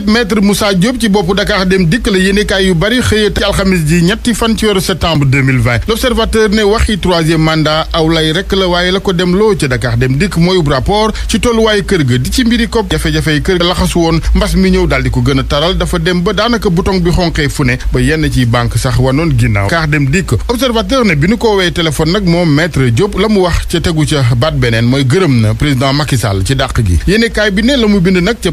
maître Moussa Diop ci boppu Dakar dem dikk la yéenekaay yu bari xëyee ci alxamis ji ñetti fan ci weeru septembre 2020 l'observateur ne waxi troisième mandat aw lay rek la waaye la ko dem loo ca Dakar dem dikk mooy rapport ci tolluwaayu kër ga di ci mbiri kopp jafe-jafey kër ga laxasu woon mbas mi ñëw daal di ko gën a taral dafa dem ba daanaka bouton bi xonqee fu ne ba yenn ci banque sax wanoon ginnaaw Dakar dem dikk observateur ne bi ñu ko woowee téléphone nag moom maître Diop la mu wax ca tegu ca baat beneen mooy gërëm na président Macky Sall ci dàq gi yéenekaay bi ne la mu bind nag ca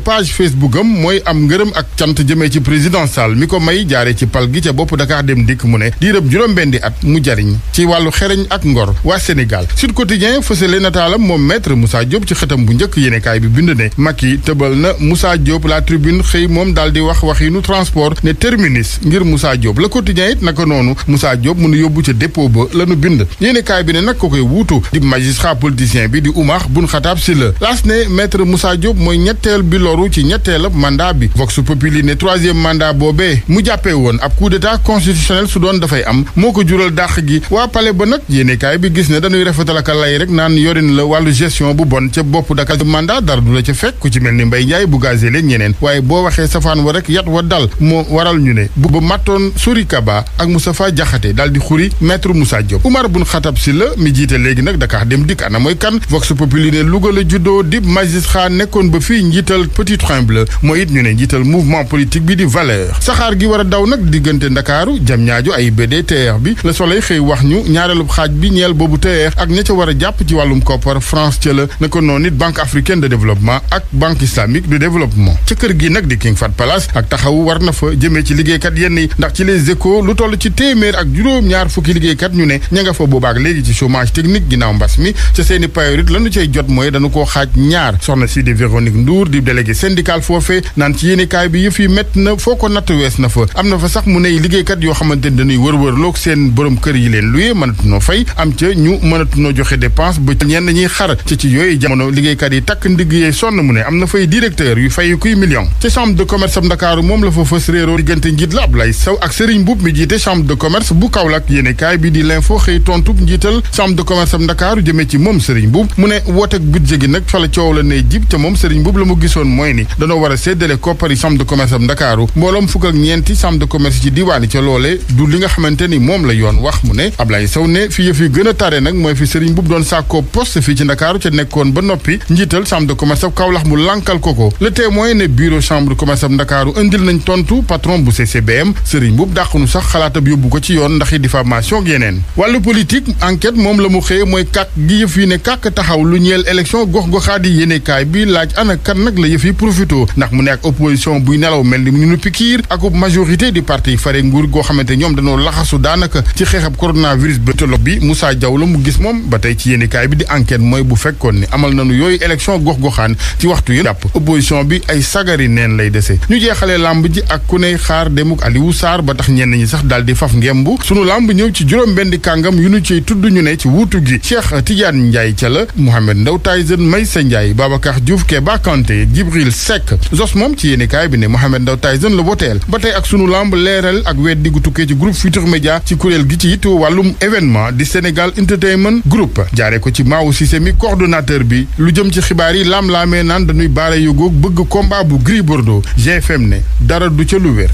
mooy am ngërëm ak cant jëmee ci président Sall mi ko may jaare ci pal gi ca bopp Dakar dem dikk mu ne diirëb juróom-benn di at mu jariñ ci wàllu xereñ ak ngor waa Sénégal Sud Quotidien fësale nataalam moom maître musaa Diop ci xëtam bu njëkk yéenekaay bi bind ne Macky tëbal na Moussa Diop la tribune xëy moom daal di wax waxinu transport ne terminus ngir Moussa Diop Le Quotidien it naka noonu Moussa Diop mu nu yóbbu ca dépôt ba la nu bind yéenekaay bi ne nag ko koy wuutu di magistrat politicien bi di Oumar Boun Khatab Sylla laas ne maître Moussa Diop mooy ñetteel bi loru ci ñetteelab mandat bi Vox Populi ne troisième mandat boobee mu jàppee woon ab coup d'état su doon dafay am moo ko jural dàq gi waa pale ba nag yéenekaay bi gis ne dañuy rafetal ak lay rek naan yorin la wàllu gestion bu bon ca bopp daka mandat dara du la ca fekk ku ci mel ni Mbaye Ndiaye bu gazé leen ñeneen waaye boo waxee safaan wa rek yat wa dal moo waral ñu ne bu ba mattoon Sori Kaba ak Moustapha Diakhaté daal di xuri maître Moussa Diop Oumar Boun Khatab Sylla mi jiite léegi nag Dakar Dem Dikk la juddoo dib magistrat nekkoon ba fii ne njiital mouvement politique bi di valeur saxaar gi war a daw nag diggante ndakaaru jam ñaajo ay BD TER bi Le Soleil xëy wax ñu ñaareelub xaaj bi ñeel boobu TER ak ña ca war a jàpp ci wàllum koppar France ca la na ko noonu it banque africaine de développement ak banque islamique de développement ca kër gi nag di King Fahd Palace ak taxawu war na fa jëmee ci liggéeykat yenn yi ndax ci les échos lu toll ci téeméer ak juróom-ñaar fukki liggéeykat ñu ne ña nga fa boobaak léegi ci chômage technique ginnaaw mbas mi ca seeni payorit lañu cay jot mooy dañu ko xaaj ñaar soxna si di Véronique Ndour di délégué syndical foofee naan ci yéenekaay bi yëf yi métti na foo ko natt wees na fa am na fa sax mu ne liggéeykat yoo xamante ni dañuy wërwërloog seen borom kër yi leen luyee noo fay am ca ñu mënatunoo joxe dépense ba ñenn ñuy xar ci ci yooyu jamono liggéeykat yi takk ndigg yee sonn mu ne am na fay directeur yu fay kuy million ci chambre de commerce am Ndakaaru moom la fa fës réeroo diggante njiit la Ablaye Sow ak Serigne Mboup mi jiite chambre de commerce bu Kaolack yéenekaay bi di l'info xëy tontu njiital chambre de commerce am Ndakaaru ci moom Serigne Mboup mu ne wooteeg budget gi nag fa la coow la ne jib moom Serigne Mboup la mu gisoon mooy ni danoo war a séddale koppari chambre de commerce am Ndakaaru mbooloom fukk ak ñeenti chambre de commerce ci diwaani ca loole du li nga xamante ni moom la yoon wax mu ne Ablaye Sow ne fi yëf yi gën a tare nag mooy fi Serigne Mboup doon sàkkoo poste fii ci Ndakaaru ca nekkoon ba noppi njiital chambre de commerce ab Kaolack mu lànkal ko ko le témoin ne bureau chambre de commerce am Ndakaaru indil nañ tontu patron bu CCBM Serigne Mboup dàqunu sax xalaatab yóbbu ko ci yoon ndax diffamation ak yeneen wàllu politique enquête mu xëye mooy kàkk gi yëf lu ñeel élection gox bi laaj ana kan nag la yëf yi opposition buy nelaw mel ni mu ñu pikiir ak majorité di parti fare nguur goo xamante ñoom dañoo laxasu daanaka ci xeexab coronavirus bi tolob bi Moussa jaw la mu gis moom ba tey ci yéenikaay bi di enquête mooy bu fekkoon ni amal nañu yooyu élection gox-goxaan ci waxtu yi jàpp opposition bi ay sagari neen lay dese ñu jeexalee làmb ji ak ku ne xaar demuk Aliou saar ba tax ñenn ñi sax daal di faf ngemb sunu làmb ñëw ci juróom benn kàngam yu ñu ci tudd ñu ne ci wutu gi Cheikh Tidiane Ndiaye ca la Mouhamed Ndaw Tyson Maysa Ndiaye Babacar Diouf Keba Kanté Djibril Seck Zos moom ci yéenekaay bi ne Mohamed Ndao Tyson la woteel ba tey ak sunu lamb leeral ak weet diggu tukkee ci groupe Futurs Médias ci kuréel gi ci yittoo wàllum événement di Sénégal Entertainment Group jaaree ko ci Maawu Cissé mi coordonnateur bi lu jëm ci xibaar yi lam-laamee naan dañuy baare yógoog bëgg combat bu Gris Bordeaux GFM ne dara du ca lu wér